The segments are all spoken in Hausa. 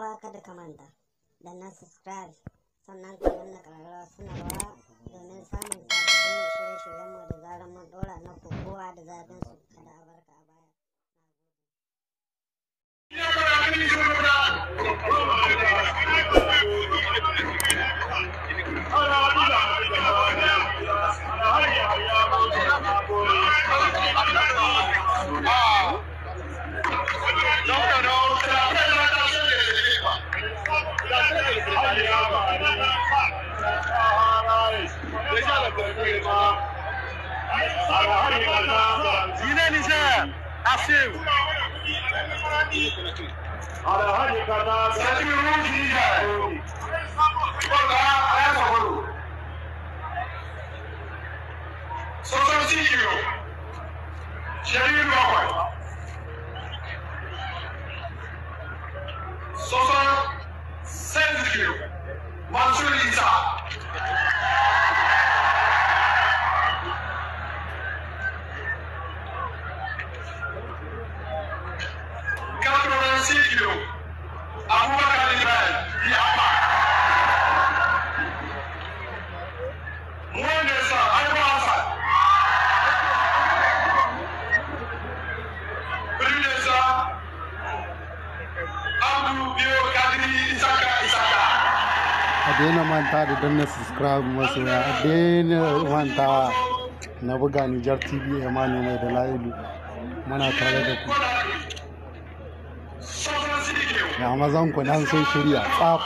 uwa kada ka manta da na subscribe sannan ka danna suna rawa domin samun sabbin shirye-shiryenmu da zarar mun ɗora na kowa da zafin su kada a barka a baya. assim. Ada hanya karena saya rugi dia. Bola ayah abubakar liban ya ba sa sa a daina manta da danna subscribe masu ya a daina Manta na buga nijar tv emmanuel da la'ilu muna tare da ku ga mazan ku nan sun shirya tsaf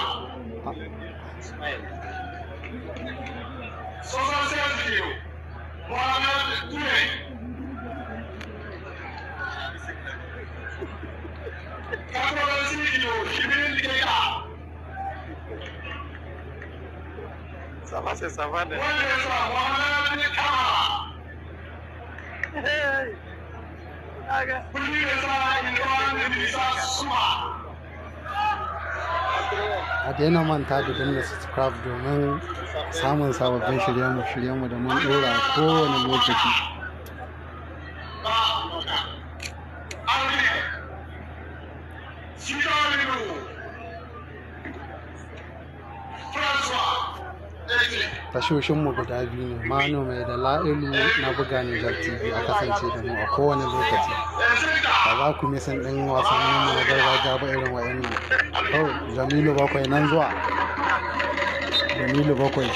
Safa sai ne Wanda ya sa wani ne kama. Kulli ya sa in kama da bisa suma. a daina manta da dinna subscribe domin samun sababbin shirye-shiryenmu da mun dora a kowane lokaci tashoshinmu guda biyu ne manoma mai da la'ilu na buga nijar tv a kasance da mu a kowane lokaci ba za ku san ɗin wasannin mu na gargajiya ba irin nan oh jamilu bakwai nan zuwa jamilu bakwai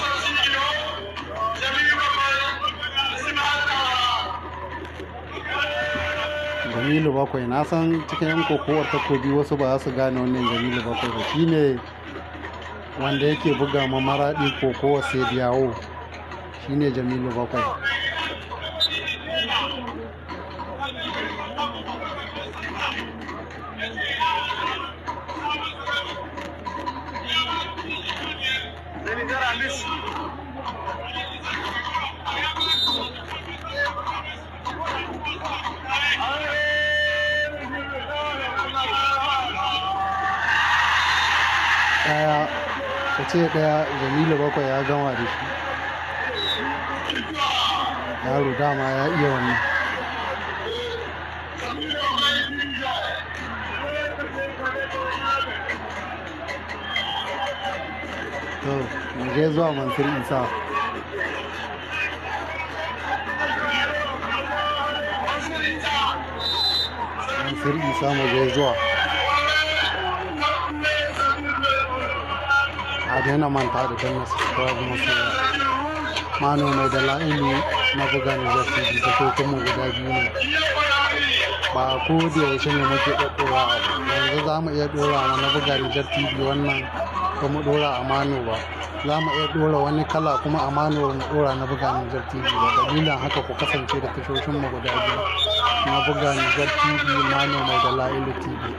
jamilu bakwai na san cikin yan kokowar takobi wasu ba za su gane wannan jamilu bakwai ba shi ne wanda yake buga ma maraɗi kokowar sai biyawo shi ne jamilu bakwai ce ɗaya jamilu bakwai ya gama da shi yaro dama ya iya wannan to mu je zuwa mansur isa mansur isa mu je zuwa a daina manta da danna subscribe masu mano mai da la'ilu na buga ne da su da ko guda biyu ne ba ko da yaushe ne muke ɗaɗɗora abu yanzu za mu iya ɗora ma na buga rigar tv wannan ba mu ɗora a mano ba za mu iya ɗora wani kala kuma a mano mu ɗora na buga nijar tv ba dalilan haka ku kasance da tashoshin mu guda biyu na buga nijar tv mano mai da la'ili tv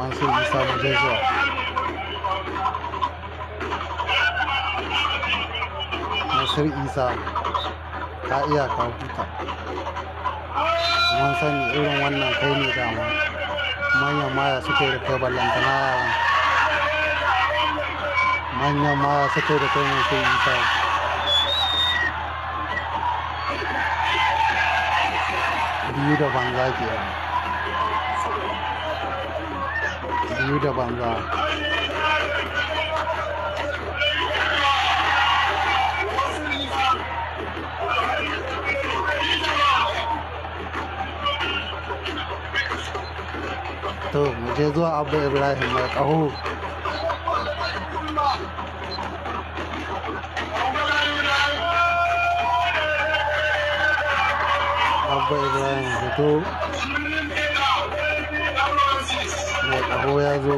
mansur isa mu bashir isa ta iya ka huta mun sani irin wannan kai ne dama manyan maya suke da kai ballantana yaran manyan maya suke da kai mun sai isa biyu da banza ke biyu da banza to muje zuwa abu ibrahim mai ƙaho abu ibrahim fito mai ƙaho ya zo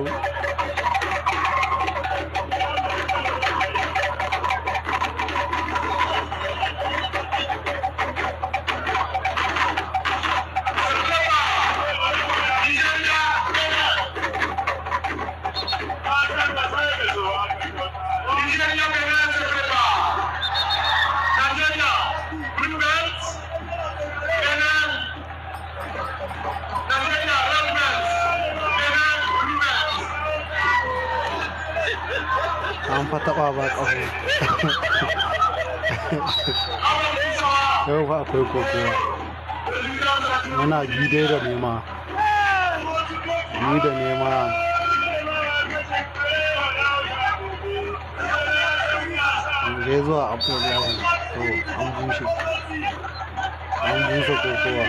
fa taba ba kafa yau ba fa akwai kokowa muna gidai da nema ni da nema je zuwa abuwa yawon to an bushe an busa kokowa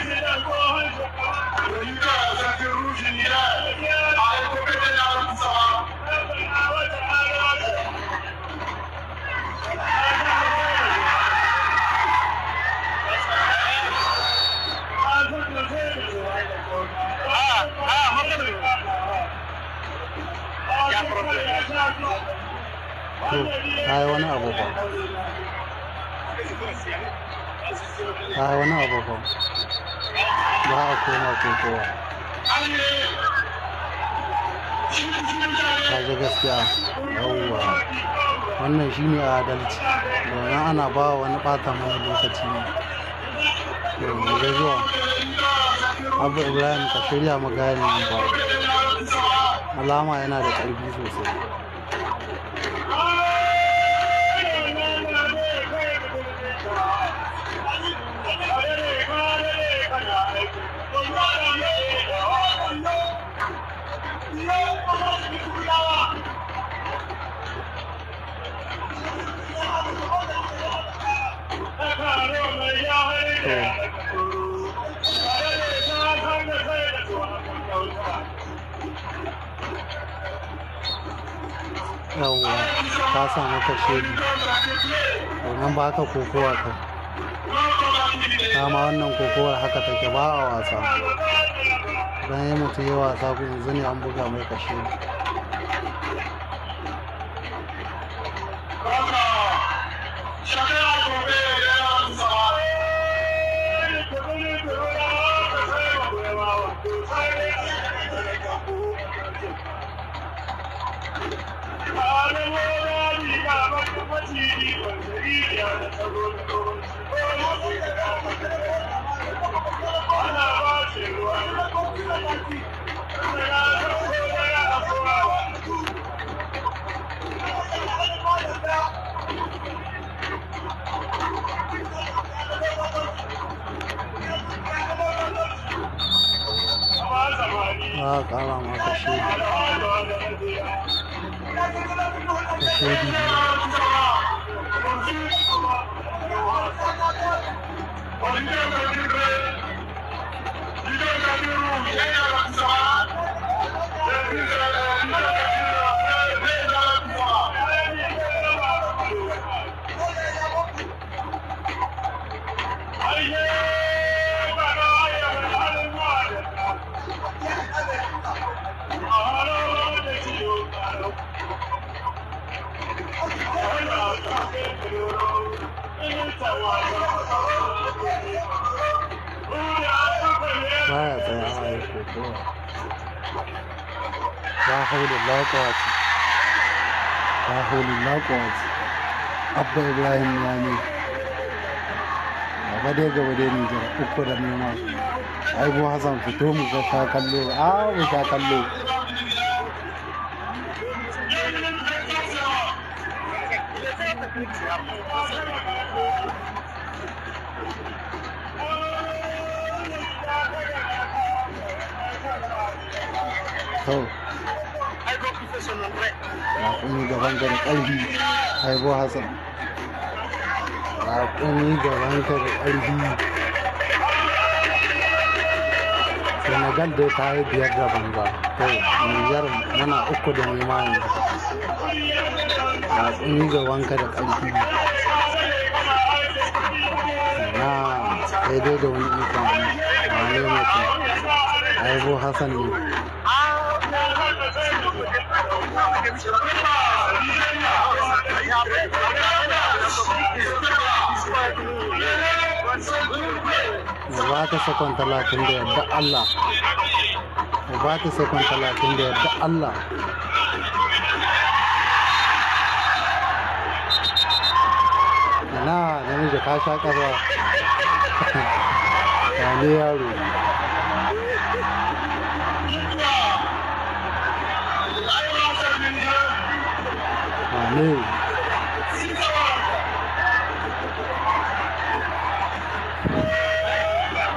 kayi wani abu ba kayi wani abu ba ba a koma Ta kaga gaskiya yawwa wannan shi shine adalci domin ana ba wani bata mana lokaci ne zuwa abu ibrahim ka shirya magana ba alama yana da ƙarfi sosai yawwa ka sa mata shedi domin ba ka kokowa ka dama wannan kokowar haka take ba a wasa don yi mutu yi wasa ku yanzu an buga mai kashe Shaka Ah, calma, tá lá, mano, tá cheio. Tá cheio de. Thank you. holy lockwards aholi lockwards abba ibrahim lami gaba dai gaba dai nijar da nema ai bu hassan fito mu ga ta kallo Oh. raƙumi gaban ka da ƙarfi haibu hassan raƙumi gaban ka da ƙarfi senegal dai ta yi biyar da banza to niger muna uku da nema yanzu raƙumi gaban ka da ƙarfi na daidai da wani ikon wani mutum haibu hassan ne ba ta sakon talatin da yadda Allah ba ta sakon talatin da yadda Allah na namiji ka sha ƙafa ya ne yaro Amém.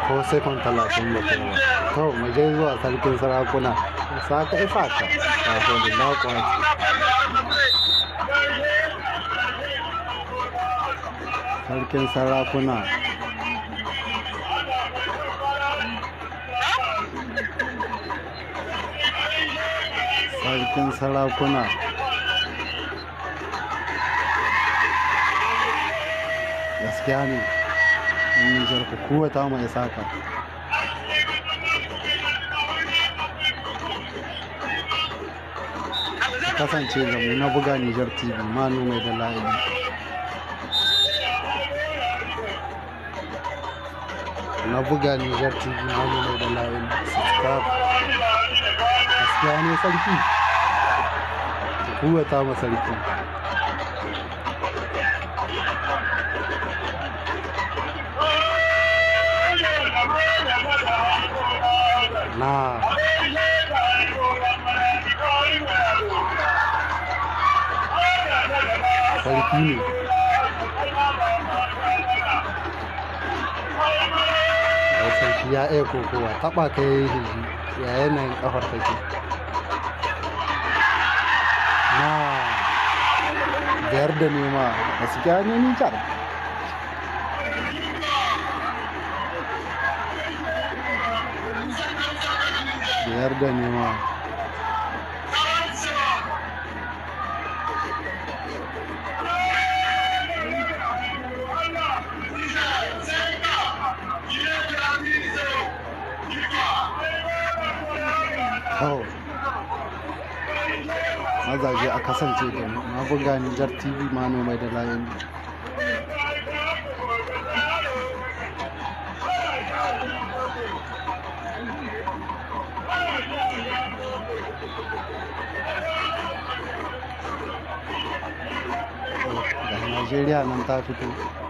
ko sai kun talatin da kuma to mu zuwa sarkin sarakuna saka ifaka wato da lakwaci sarkin sarakuna sarkin sarakuna gaskiya ne in jarku kuwa ta mai saka kasance da mu na buga Nijar TV manu mai da la'ili na buga Nijar TV manu mai da la'ili subscribe ya ne sarki kuwata ma sarki na sarki ne sarki ya iya kokowa taba ta yi hiji ya yanayin ƙafar take Gerde nih mah, meski hanya nincar. Gerde nih mah. Oh. mazaje a kasance da magunga nijar tv manomai da layan Najeriya nan ta fito